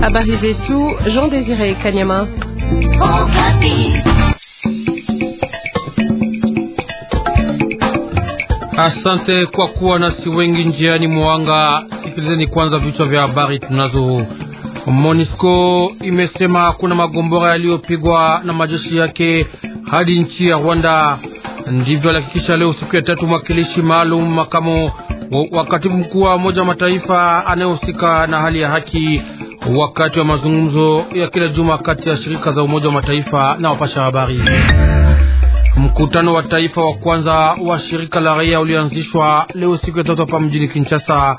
Habari zetu Jean Désiré Kanyama. Asante kwa kuwa nasi wengi njiani mwanga. Sikilizeni kwanza vichwa vya habari tunazo. Monisco imesema kuna magombora yaliyopigwa na majeshi yake hadi nchi ya Rwanda. Ndivyo alihakikisha leo siku ya tatu mwakilishi maalum makamo wa katibu mkuu wa Umoja wa Mataifa anayehusika na hali ya haki wakati wa mazungumzo ya kila juma kati ya shirika za Umoja wa Mataifa na wapasha habari. Mkutano wa taifa wa kwanza wa shirika la raia ulianzishwa leo siku ya tatu hapa mjini Kinshasa.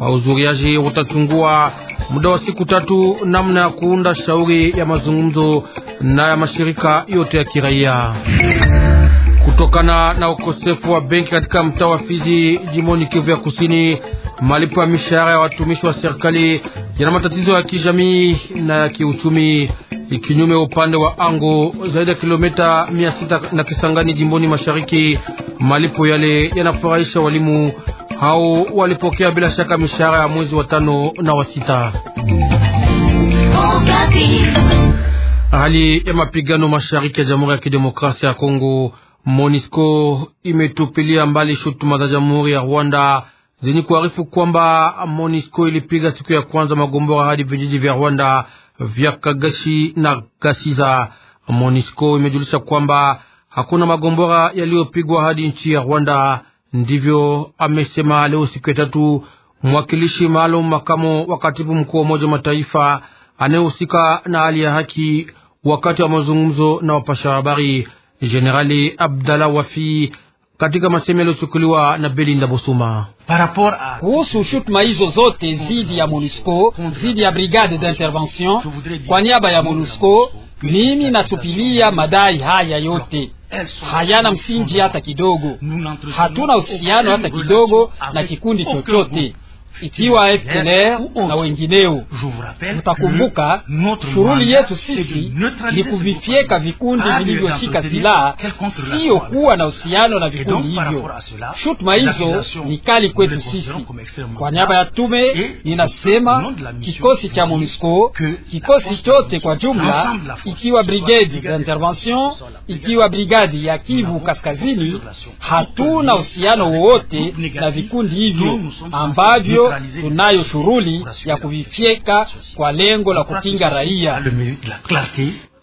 Wahudhuriaji watachungua muda wa siku tatu namna ya kuunda shauri ya mazungumzo na ya mashirika yote ya kiraia. Kutokana na ukosefu wa benki katika mtaa wa Fizi, jimoni Kivu ya Kusini, malipo ya mishahara ya watumishi wa serikali yana matatizo ya kijamii na ya kiuchumi, ikinyume upande wa ango zaidi ya kilomita mia sita na Kisangani jimboni mashariki. Malipo yale yanafurahisha walimu hao, walipokea bila shaka mishahara ya mwezi wa tano na wa sita. Hali ya mapigano mashariki ya Jamhuri ya Kidemokrasia ya Kongo Monisco imetupilia mbali shutuma za Jamhuri ya Rwanda zenye kuarifu kwamba Monisco ilipiga siku ya kwanza magombora hadi vijiji vya Rwanda vya Kagashi na Gasiza. Monisco imejulisha kwamba hakuna magombora yaliyopigwa hadi nchi ya Rwanda. Ndivyo amesema leo siku ya tatu mwakilishi maalum makamo wa katibu mkuu wa Umoja Mataifa anayehusika na hali ya haki wakati wa mazungumzo na wapasha habari. Jenerali Abdalla Wafi katika masemi yaliyochukuliwa na Belinda Bosuma kuhusu shutuma hizo zote zidi ya MONUSCO zidi ya brigade d'intervention kwa niaba ya MONUSCO, mimi natupilia madai haya yote hayana msingi hata kidogo. Hatuna uhusiano hata kidogo na kikundi chochote ikiwa FNR na wengineo. Mtakumbuka shughuli yetu sisi ni kuvifyeka vikundi vilivyoshika silaha, siyo kuwa na uhusiano na vikundi hivyo. Shutuma hizo ni kali kwetu sisi. Kwa niaba ya tume ninasema kikosi cha MONUSCO, kikosi chote kwa jumla, ikiwa brigade d'intervention, ikiwa brigadi ya Kivu Kaskazini, hatuna uhusiano wowote na vikundi hivyo ambavyo tunayo shughuli ya kuvifyeka kwa lengo la kukinga raia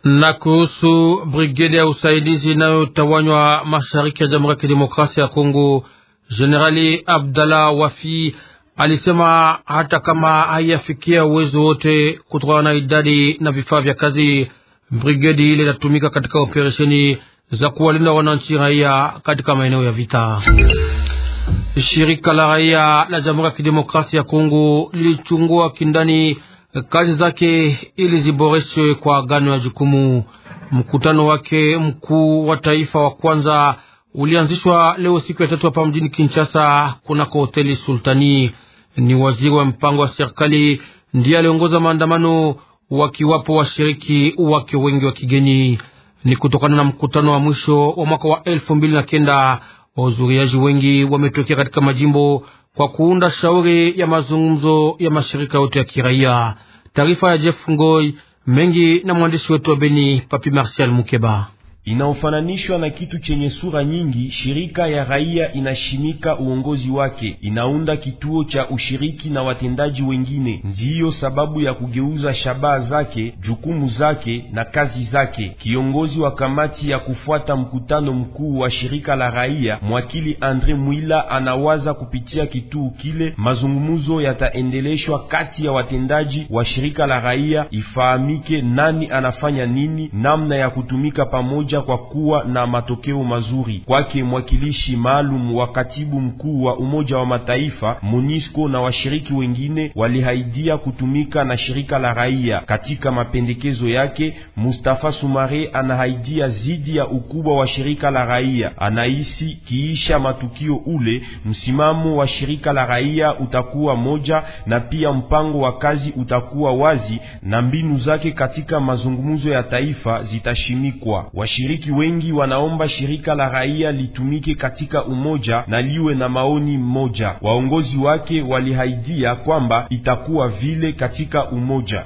na kuhusu brigedi ya usaidizi inayotawanywa mashariki ya Jamhuri ya Kidemokrasia ya Kongo, Jenerali Abdallah Wafi alisema hata kama haiyafikia uwezo wote kutokana na idadi na vifaa vya kazi, brigedi ile inatumika katika operesheni za kuwalinda wananchi raia katika maeneo ya vita. Shirika la raia la Jamhuri ya Kidemokrasia ya Kongo lilichungua kindani eh, kazi zake ili ziboreshwe kwa gano ya jukumu. Mkutano wake mkuu wa taifa wa kwanza ulianzishwa leo siku ya tatu hapa mjini Kinshasa, kunako hoteli Sultani. Ni waziri wa mpango wa serikali ndiye aliongoza maandamano, wakiwapo washiriki wake wengi wa kigeni. Ni kutokana na mkutano wa mwisho wa mwaka wa elfu mbili na kenda Wahudhuriaji wengi wametokea katika majimbo kwa kuunda shauri ya mazungumzo ya mashirika yote ya kiraia. Taarifa ya Jeff Ngoi mengi na mwandishi wetu wa Beni Papi Martial Mukeba inaofananishwa na kitu chenye sura nyingi. Shirika ya raia inashimika uongozi wake, inaunda kituo cha ushiriki na watendaji wengine. Ndiyo sababu ya kugeuza shabaha zake, jukumu zake na kazi zake. Kiongozi wa kamati ya kufuata mkutano mkuu wa shirika la raia, mwakili Andre Mwila, anawaza kupitia kituo kile mazungumzo yataendeleshwa kati ya watendaji wa shirika la raia, ifahamike nani anafanya nini, namna ya kutumika pamoja kuja kwa kuwa na matokeo mazuri kwake mwakilishi maalum wa katibu mkuu wa Umoja wa Mataifa MONUSCO na washiriki wengine walihaidia kutumika na shirika la raia. Katika mapendekezo yake, Mustafa Sumare anahaidia zidi ya ukubwa wa shirika la raia. Anahisi kiisha matukio ule, msimamo wa shirika la raia utakuwa moja, na pia mpango wa kazi utakuwa wazi na mbinu zake katika mazungumzo ya taifa zitashimikwa Washi washiriki wengi wanaomba shirika la raia litumike katika umoja na liwe na maoni mmoja. Waongozi wake walihaidia kwamba itakuwa vile katika umoja.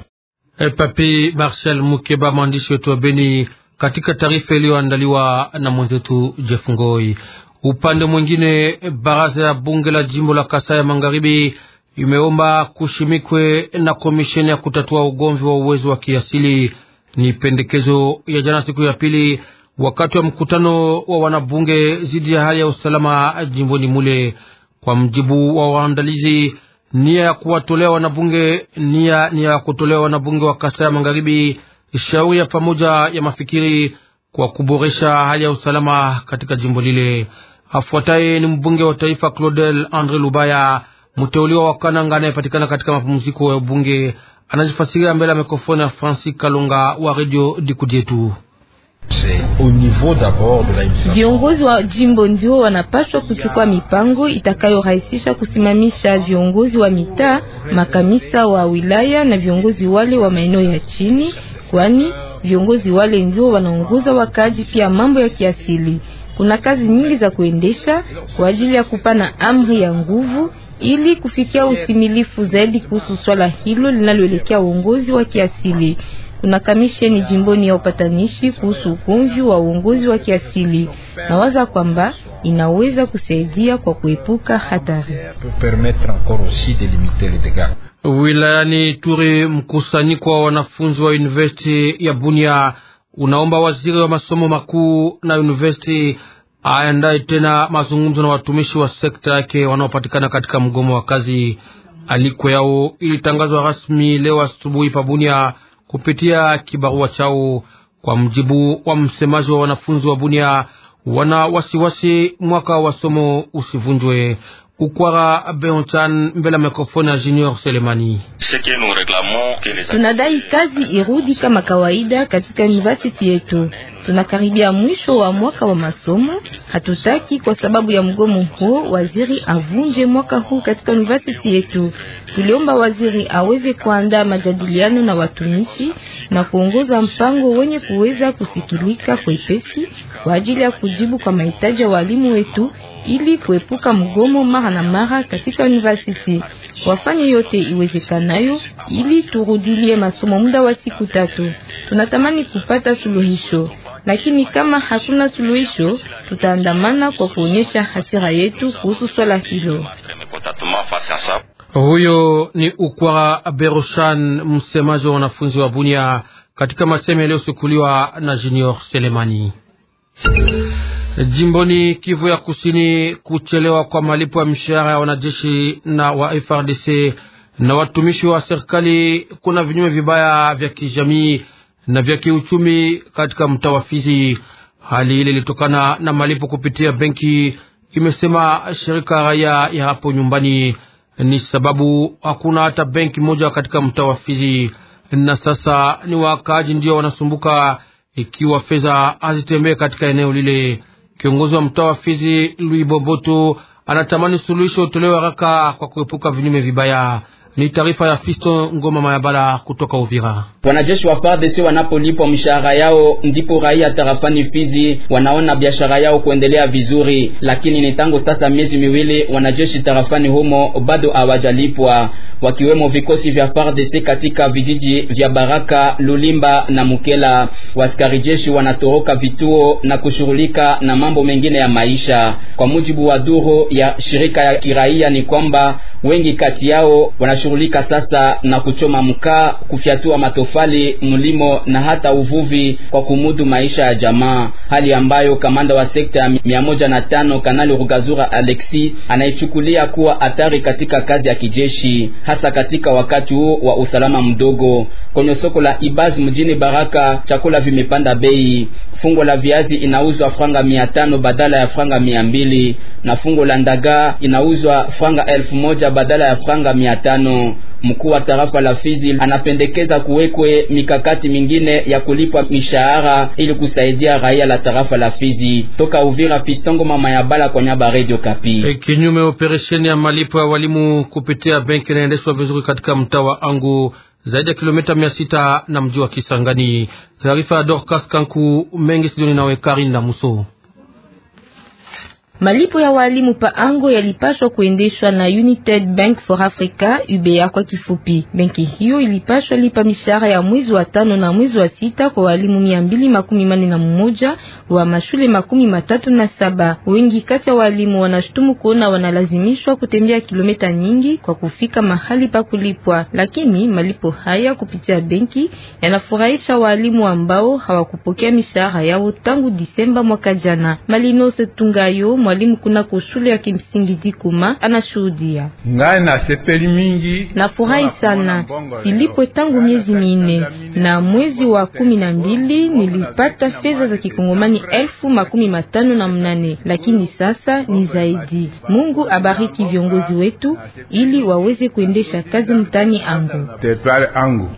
E, eh, Papi Marcel Mukeba, mwandishi wetu wa Beni, katika taarifa iliyoandaliwa na mwenzetu Jeff Ngoi. Upande mwingine, baraza ya bunge la jimbo la Kasai ya Magharibi imeomba kushimikwe na komisheni ya kutatua ugomvi wa uwezo wa kiasili ni pendekezo ya jana siku ya pili wakati wa mkutano wa wanabunge zidi ya hali ya usalama jimboni mule. Kwa mjibu wa waandalizi, nia ya kuwatolea wanabunge nia ni ya kutolea wanabunge wa Kasai Magharibi shauri ya pamoja ya mafikiri kwa kuboresha hali ya usalama katika jimbo lile. Afuataye ni mbunge wa taifa Claudel Andre Lubaya, mteuliwa wa Kananga anayepatikana katika mapumziko ya ubunge anajifasiria mbele ya mikrofoni ya Francis Kalunga wa Radio Dikudietu. Viongozi wa jimbo ndio wanapaswa kuchukua mipango itakayorahisisha kusimamisha viongozi wa mitaa, makamisa wa wilaya na viongozi wale wa maeneo ya chini, kwani viongozi wale ndio wanaongoza wakaji pia mambo ya kiasili. Kuna kazi nyingi za kuendesha kwa ajili ya kupana amri ya nguvu ili kufikia utimilifu zaidi kuhusu swala hilo linaloelekea uongozi wa kiasili. Kuna kamisheni jimboni ya upatanishi kuhusu ukumvi wa uongozi wa kiasili. Nawaza kwamba inaweza kusaidia kwa kuepuka hatari. Wilayani Turi, mkusanyiko wa wanafunzi wa university ya Bunia unaomba waziri wa masomo makuu na university aendaye tena mazungumzo na watumishi wa sekta yake wanaopatikana katika mgomo wa kazi. Aliko yao ilitangazwa rasmi leo asubuhi pabunia kupitia kibarua chao. Kwa mjibu wa msemaji wa wanafunzi wa Bunia, wana wasiwasi mwaka wa somo usivunjwe. Ukwara Beonchan mbele mikrofoni ya Junior Selemani. Tunadai kazi irudi kama kawaida katika university yetu. Tunakaribia mwisho wa mwaka wa masomo Hatutaki kwa sababu ya mgomo huo waziri avunje mwaka huu katika university yetu. Tuliomba waziri aweze kuandaa majadiliano na watumishi na kuongoza mpango wenye kuweza kusikilika kwa ipesi kwa ajili ya kujibu kwa mahitaji ya walimu wetu ili kuepuka mgomo mara na mara katika university. Wafanye yote iwezekanayo ili turudilie masomo muda wa siku tatu. Tunatamani kupata suluhisho lakini kama hatuna suluhisho, tutaandamana kwa kuonyesha hasira yetu kuhusu swala hilo. Huyo ni Ukwa Beroshan, msemaji wa wanafunzi wa Bunia, katika maseme yaliyosukuliwa na Junior Selemani. Jimboni Kivu ya Kusini, kuchelewa kwa malipo ya mishahara ya wanajeshi na wa FRDC na watumishi wa serikali kuna vinyume vibaya vya kijamii na vya kiuchumi katika mtaa wa Fizi. Hali ile ilitokana na malipo kupitia benki, imesema shirika raia ya hapo nyumbani. Ni sababu hakuna hata benki moja katika mtaa wa Fizi, na sasa ni wakaaji ndio wanasumbuka ikiwa fedha hazitembee katika eneo lile. Kiongozi wa mtaa wa Fizi Louis Boboto anatamani suluhisho tolewe haraka kwa kuepuka vinyume vibaya. Ni taarifa ya Fisto Ngoma Mayabala kutoka Uvira. Wanajeshi wa FARDC wanapolipwa mishahara yao, ndipo raia tarafani Fizi wanaona biashara yao kuendelea vizuri, lakini ni tangu sasa miezi miwili wanajeshi tarafani humo bado hawajalipwa, wakiwemo vikosi vya FARDC katika vijiji vya Baraka, Lulimba na Mukela. Waskari jeshi wanatoroka vituo na kushughulika na mambo mengine ya maisha. Kwa mujibu wa duru ya shirika ya kiraia ni kwamba Wengi kati yao wanashughulika sasa na kuchoma mkaa, kufyatua matofali, mlimo na hata uvuvi kwa kumudu maisha ya jamaa, hali ambayo kamanda wa sekta ya mia moja na tano Kanali Rugazura Alexi anaichukulia kuwa hatari katika kazi ya kijeshi, hasa katika wakati huu wa usalama mdogo. Kwenye soko la Ibaz mjini Baraka, chakula vimepanda bei. Fungo la viazi inauzwa franga mia tano badala ya franga mia mbili na fungo la ndagaa inauzwa franga elfu moja moja badala ya franga mia tano. Mkuu wa tarafa la Fizi anapendekeza kuwekwe mikakati mingine ya kulipwa mishahara ili kusaidia raia la tarafa la Fizi. Toka Uvira, Fistongo mama ya bala kwa nyaba Radio Kapi. E, kinyume operesheni ya malipo ya walimu kupitia benki inaendeshwa vizuri katika mtaa wa Angu zaidi ya kilomita mia sita na mji wa Kisangani. Taarifa ya Dorcas Kanku mengi sijoni nawe Karin na Muso. Malipo ya walimu pa ango yalipaswa kuendeshwa na United Bank for Africa UBA kwa kifupi. Benki hiyo ilipaswa lipa mishahara ya mwezi wa tano na mwezi wa sita kwa walimu mia mbili makumi mane na mmoja wa mashule makumi matatu na saba. Wengi kati ya walimu wanashutumu kuona wanalazimishwa kutembea kilomita nyingi kwa kufika mahali pa kulipwa, lakini malipo haya kupitia benki yanafurahisha walimu ambao hawakupokea mishahara yao tangu Disemba mwaka jana. Malinose Tungayo mwalimu kuna kushule ya kimsingi Dikuma anashuhudia. Ngai na sepeli mingi na furahi sana silipwe tangu miezi minne na mwezi wa kumi na mbili nilipata fedha za kikongomani elfu makumi matano na mnane lakini sasa ni zaidi. Mungu abariki viongozi wetu ili waweze kuendesha kazi mtani angu.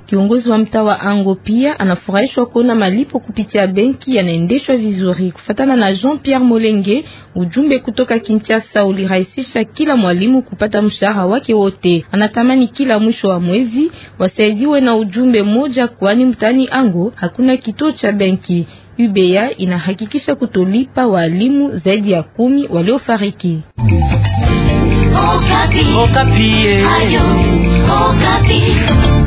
Kiongozi wa mtaa wa ango pia anafurahishwa kuona malipo kupitia benki yanaendeshwa vizuri kufatana na Jean Pierre Molenge uju ujumbe kutoka Kinshasa ulirahisisha kila mwalimu kupata mshahara wake wote. Anatamani kila mwisho wa mwezi wasaidiwe na ujumbe mmoja, kwani mtani ango hakuna kituo cha benki. UBA inahakikisha kutolipa walimu zaidi ya kumi waliofariki. Okapi. Okapi. Eh. Ayo, Okapi.